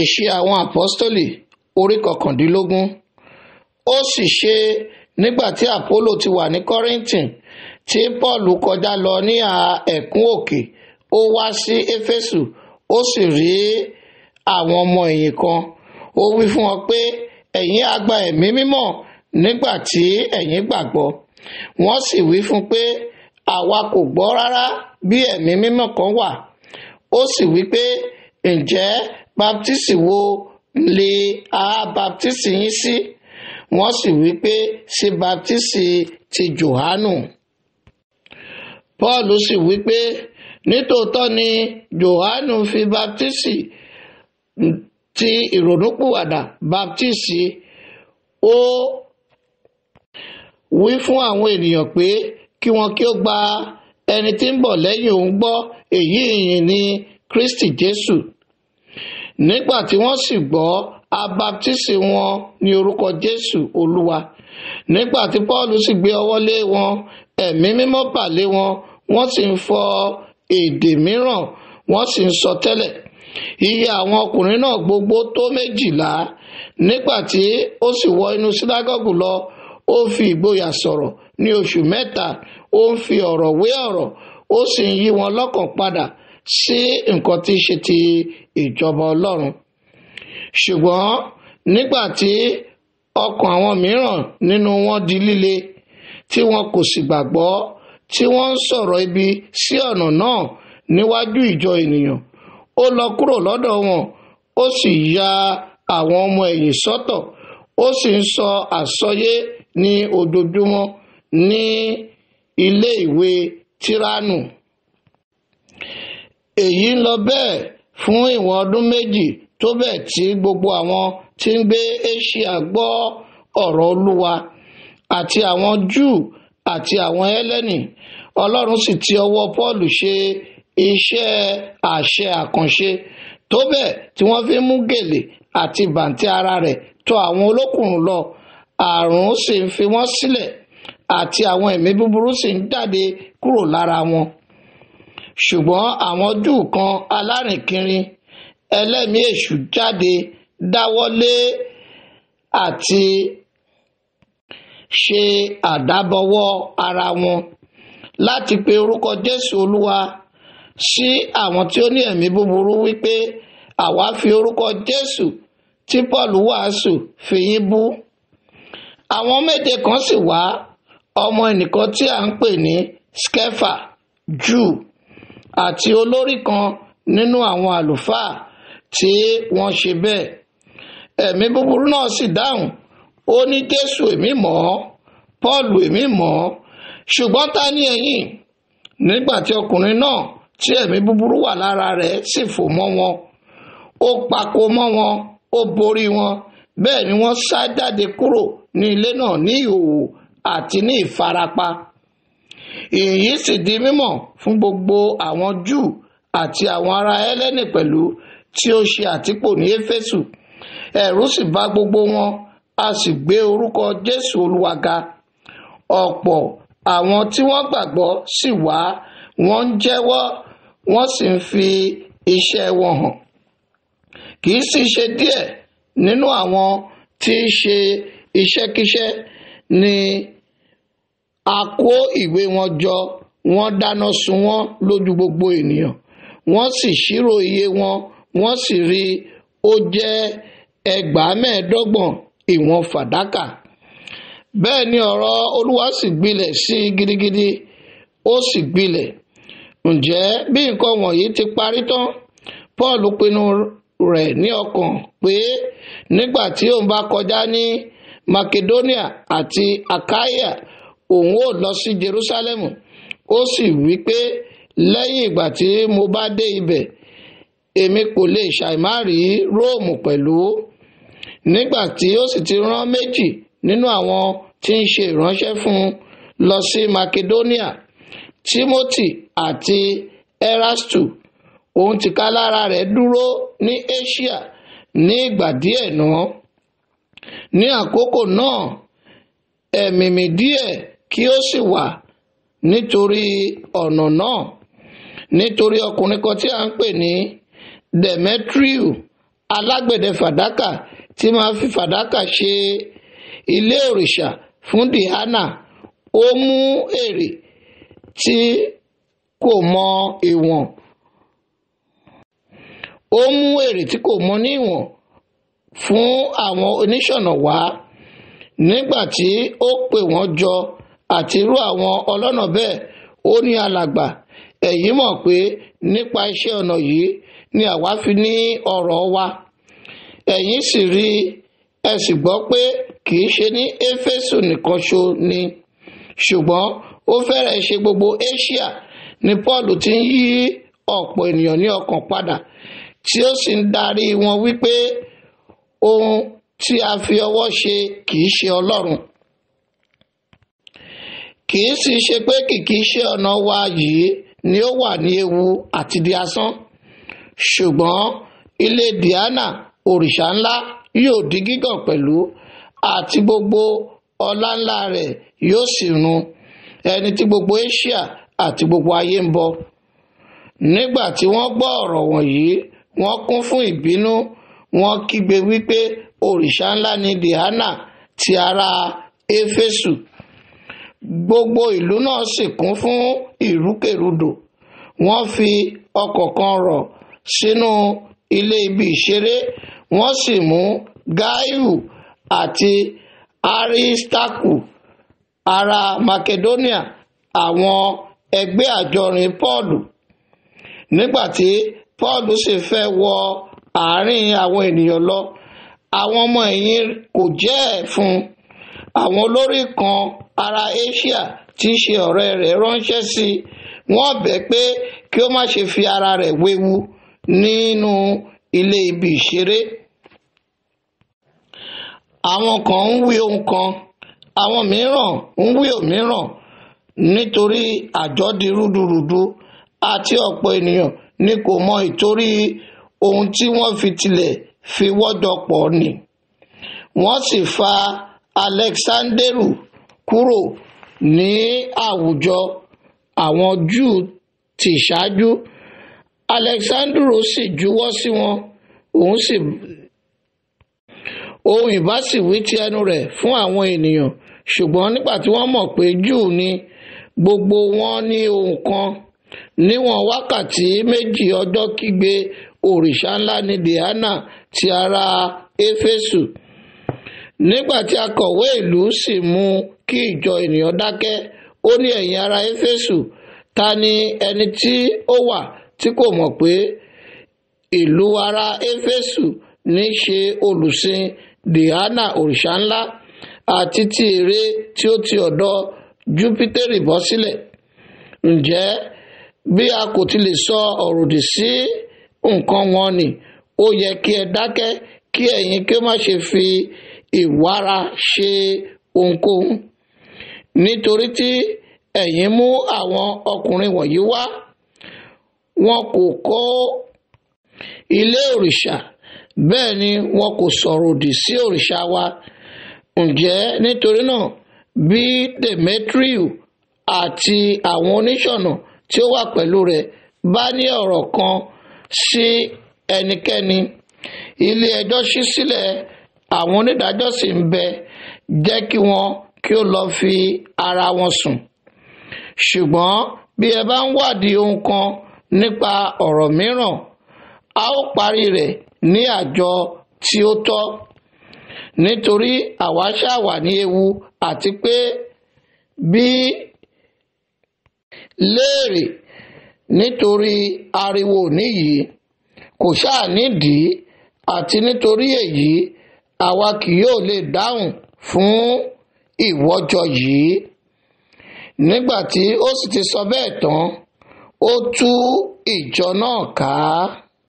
ìṣe àwọn àpọ́stólì orí kọkàndínlógún ó sì ṣe nígbà tí àpólò ti wà ní kọ́rìntìn tí pọ́ọ̀lù kọjá lọ ní àà ẹ̀kún òkè ó wá sí éfésù ó sì rí àwọn ọmọ ẹ̀yìn kan ó wí fún wọn pé ẹ̀yin á ẹ̀mí mímọ́ nígbà tí ẹ̀yin gbàgbọ́ wọ́n sì wí fún pé àwa kò gbọ́ rárá bí ẹ̀mí mímọ́ kan wà ó sì wí pé ǹjẹ́ baptisi wo lè a baptisi yín sí wọ́n sì wí pé ṣe baptisi ti Jòhánù Paul sì wí pé nítòótọ́ ni Jòhánù fi baptisi ti ìrònúpìwàdà baptisi ó wí fún àwọn ènìyàn pé kí wọn kí ó gba ẹni tí ń bọ̀ lẹ́yìn òun gbọ́ èyí ìyìn ni Kristi Jésù nígbà tí wọ́n sì gbọ́ abaptisi wọn ní orúkọ Jésù Olúwa nígbà tí Paul sì gbé ọwọ́ lé wọn ẹ̀mí mímọ́ bà lé wọn wọ́n sì ń fọ èdè mìíràn wọ́n sì ń sọ tẹ́lẹ̀ iye àwọn ọkùnrin náà gbogbo tó méjìlá nígbà tí ó sì wọ inú sínágọ́gù lọ ó fi ìgboyà sọ̀rọ̀ ní oṣù mẹ́ta ó ń fi ọ̀rọ̀ wé ọ̀rọ̀ ó sì ń yí wọn lọ́kàn padà sí nǹkan tí í ṣe ti ìjọba ọlọ́run ṣùgbọ́n nígbà tí ọkàn àwọn mìíràn nínú wọn di líle tí wọn kò sì gbàgbọ́ tí wọ́n ń sọ̀rọ̀ ibi sí ọ̀nà náà níwájú ìjọ ènìyàn ó lọ kúrò lọ́dọ̀ wọn ó sì ya àwọn ọmọ ẹ̀yìn sọ́tọ̀ ó sì ń sọ àsọyé ní ojoojúmọ́ ní ilé ìwé tíránù èyí ń lọ bẹ́ẹ̀ fún ìwọ̀n ọdún méjì tó bẹ́ẹ̀ tí gbogbo àwọn tí ń gbé Éṣíà gbọ́ ọ̀rọ̀ Olúwa àti àwọn Júù àti àwọn Hélẹ́nì Ọlọ́run sì ti ọwọ́ Paul ṣe iṣẹ́ àṣẹ àkànṣe tó bẹ́ẹ̀ tí wọ́n fi mú gèlè àti bàǹtẹ́ ara rẹ̀ tọ àwọn olókùnrùn lọ àrùn sì ń fi wọ́n sílẹ̀ àti àwọn ẹ̀mí búburú sì ń jáde kúrò lára wọn ṣùgbọ́n àwọn júù kan alárìnkiri ẹlẹ́mìí èṣù jáde dáwọ́lé àti ṣe àdábọwọ́ ara wọn láti pe orúkọ jésù olúwa sí àwọn tí ó ní ẹ̀mí búburú wípé àwa fi orúkọ jésù tí paul wàásù fi yín bú àwọn méje kan sì wá ọmọ ẹnìkan tí à ń pè ní skefa júù àti olórí kan nínú àwọn àlùfáà tí wọ́n ṣe bẹ́ẹ̀ ẹ̀mí búburú náà sì dáhùn ó ní jésù èmi mọ̀ paul èmi mọ̀ ọ́ ta ni ẹ̀yin nígbà tí ọkùnrin náà tí ẹ̀mí búburú wà lára rẹ̀ sì fò mọ́ wọn ó pako mọ́ wọn ó borí wọn bẹ́ẹ̀ ni wọ́n sá jáde kúrò ní ilé náà ní ìhòòhò àti ní ìfarapa èyí sì di mímọ̀ fún gbogbo àwọn júù àti àwọn ará ẹlẹ́nì pẹ̀lú tí ó ṣe àtìpó ní éfésù ẹ̀rù sì bá gbogbo wọn a sì gbé orúkọ jésù olúwa ga ọ̀pọ̀ àwọn tí wọ́n gbàgbọ́ sì wá wọ́n ń jẹ́wọ́ wọ́n sì ń fi iṣẹ́ wọn hàn kì í sì ṣe díẹ̀ nínú àwọn tí ń ṣe iṣẹ́kíṣẹ́ ni a kó ìwé wọn jọ wọ́n dáná sun wọ́n lójú gbogbo ènìyàn wọ́n sì ṣírò iye wọn wọ́n sì rí ó jẹ́ ẹgbàá mẹ́ẹ̀ẹ́dọ́gbọ̀n ìwọ̀n fàdákà bẹ́ẹ̀ ni ọ̀rọ̀ olúwa sì gbilẹ̀ sí i gidigidi ó sì gbilẹ̀ ǹjẹ́ bí nǹkan wọ̀nyí ti parí tán Paul pinnu rẹ̀ ní ọkàn pé nígbà tí òun bá kọjá ní Makedonia àti Akaya òun ó lọ sí Jerusalem ó sì wí pé lẹ́yìn ìgbà tí mo bá dé ibẹ̀ èmi kò lè ṣàìmá rí Róòmù pẹ̀lú nígbà tí ó sì ti rán méjì nínú àwọn tí ń ṣe ìránṣẹ́ fún un lọ sí Makedonia Timothy àti Erastu òun tìkálára rẹ̀ dúró ní Asia ní ìgbà díẹ̀ náà ní àkókò náà ẹ̀mìmì díẹ̀ kí ó sì wà nítorí ọ̀nà náà nítorí ọkùnrin kan tí a ń pè ní Demetriu alágbẹ̀dẹ fàdákà tí máa fi fàdákà ṣe ilé òrìṣà fún Diana ó mú èrè tí kò mọ ìwọ̀n ó mú èrè tí kò mọ ní ìwọ̀n fún àwọn oníṣọ̀nà wá nígbà tí ó pè wọ́n jọ àti irú àwọn ọlọ́nà bẹ́ẹ̀ ó ní alàgbà ẹ̀yin mọ̀ pé nípa iṣẹ́ ọnà yìí ni àwa fi ní ọ̀rọ̀ wa ẹ̀yin sì rí ẹ sì gbọ́ pé kì ṣe ní éfésù nìkan ṣo ni ṣùgbọ́n ó fẹ́rẹ̀ ṣe gbogbo Asia ni Paul ti ń yí ọ̀pọ̀ ènìyàn ní ọkàn padà tí ó sì ń darí wọn wípé ohun tí a fi ọwọ́ ṣe kì ṣe Ọlọ́run kì í sì ṣe pé kìkì iṣẹ́ ọ̀nà wa yìí ni ó wà ní ewu àti di asán ṣùgbọ́n ilé Diana òrìṣà ńlá yóò di gígàn pẹ̀lú àti gbogbo ọlá ńlá rẹ̀ yóò sì run ẹni tí gbogbo Asia àti gbogbo ayé ń bọ nígbà tí wọ́n gbọ́ ọ̀rọ̀ wọ̀nyí wọ́n kún fún ìbínú wọ́n kígbe wípé òrìṣà ńlá ni Diana ti ará Éfésù gbogbo ìlú náà sì kún fún ìrúkèrúdò wọ́n fi ọkọ̀ kan rọ̀ sínú ilé ibi ìṣeré wọ́n sì mú gaiu àti aristaku ará makedonia àwọn ẹgbẹ́ àjọrin paul nígbà tí paul sì fẹ́ wọ àárín àwọn ènìyàn lọ àwọn ọmọ ẹ̀yìn kò jẹ́ ẹ̀ fún un àwọn olórí kan ará Asia tí í ṣe ọ̀rẹ́ rẹ̀ ránṣẹ́ sí i wọ́n bẹ̀ pé kí ó má ṣe fi ara rẹ̀ wewu nínú ilé ibi ìṣeré. àwọn kan ń wí ohun kan àwọn mìíràn ń wí òmíràn nítorí àjọ rúdurùdu àti ọ̀pọ̀ ènìyàn ni kò mọ ìtorí ohun tí wọ́n fi tilẹ̀ fi wọ́jọ pọ̀ ni wọ́n sì fa alexanderu kúrò ní àwùjọ àwọn júù ti ṣáájú alexanderu sì juwọ́ sí wọn òun sì ohun ìbá sì wí ti ẹnu rẹ̀ fún àwọn ènìyàn ṣùgbọ́n nígbà tí wọ́n mọ̀ pé júù ni gbogbo wọn ní ohun kan níwọ̀n wákàtí méjì ọjọ́ kígbe òrìṣà ńlá ni diana ti ara éfésù. E nígbà tí akọ̀wé ìlú sì mú kí ìjọ ènìyàn dákẹ́ ó ní ẹ̀yin ará éfésù ta ni ẹni tí ó wà tí kò mọ̀ pé ìlú ará éfésù ní ṣe olùsìn dìhánà òrìṣà ńlá àti ti ère tí ó ti ọ̀dọ̀ júpítérì bọ́ sílẹ̀ ǹjẹ́ bí a kò ti lè sọ ọ̀rọ̀ òdì sí nǹkan wọn ni ó yẹ kí ẹ dákẹ́ kí ẹ̀yin kí ó má ṣe fi ìwára ṣe ohunkóhun nítorí tí ẹ̀yin mú àwọn ọkùnrin wọ̀nyí wá wọn kò kọ́ ilé òrìṣà bẹ́ẹ̀ ni wọn kò sọ̀rọ̀ òdì sí òrìṣà wa ǹjẹ́ nítorí náà bí Demetriu àti àwọn oníṣọ̀nà tí ó wà pẹ̀lú rẹ̀ bá ní ọ̀rọ̀ kan sí ẹnikẹ́ni ilé ẹjọ́ ṣí sílẹ̀ àwọn onídàájọ́ sì ń bẹ jẹ́ kí wọ́n kí ó lọ́ọ́ fi ara wọn sùn ṣùgbọ́n bí ẹ bá ń wádìí ohun kan nípa ọ̀rọ̀ mìíràn a ó parí rẹ̀ ní àjọ tí ó tọ́ nítorí àwa ṣáà ní ewu àti pé bí léèrè nítorí ariwo níyìí kò ṣáà nídìí àti nítorí èyí àwa kì yóò lè dáhùn fún ìwọ́jọ yìí nígbà tí ó sì ti sọ bẹ́ẹ̀ tán ó tú ìjọ náà ká.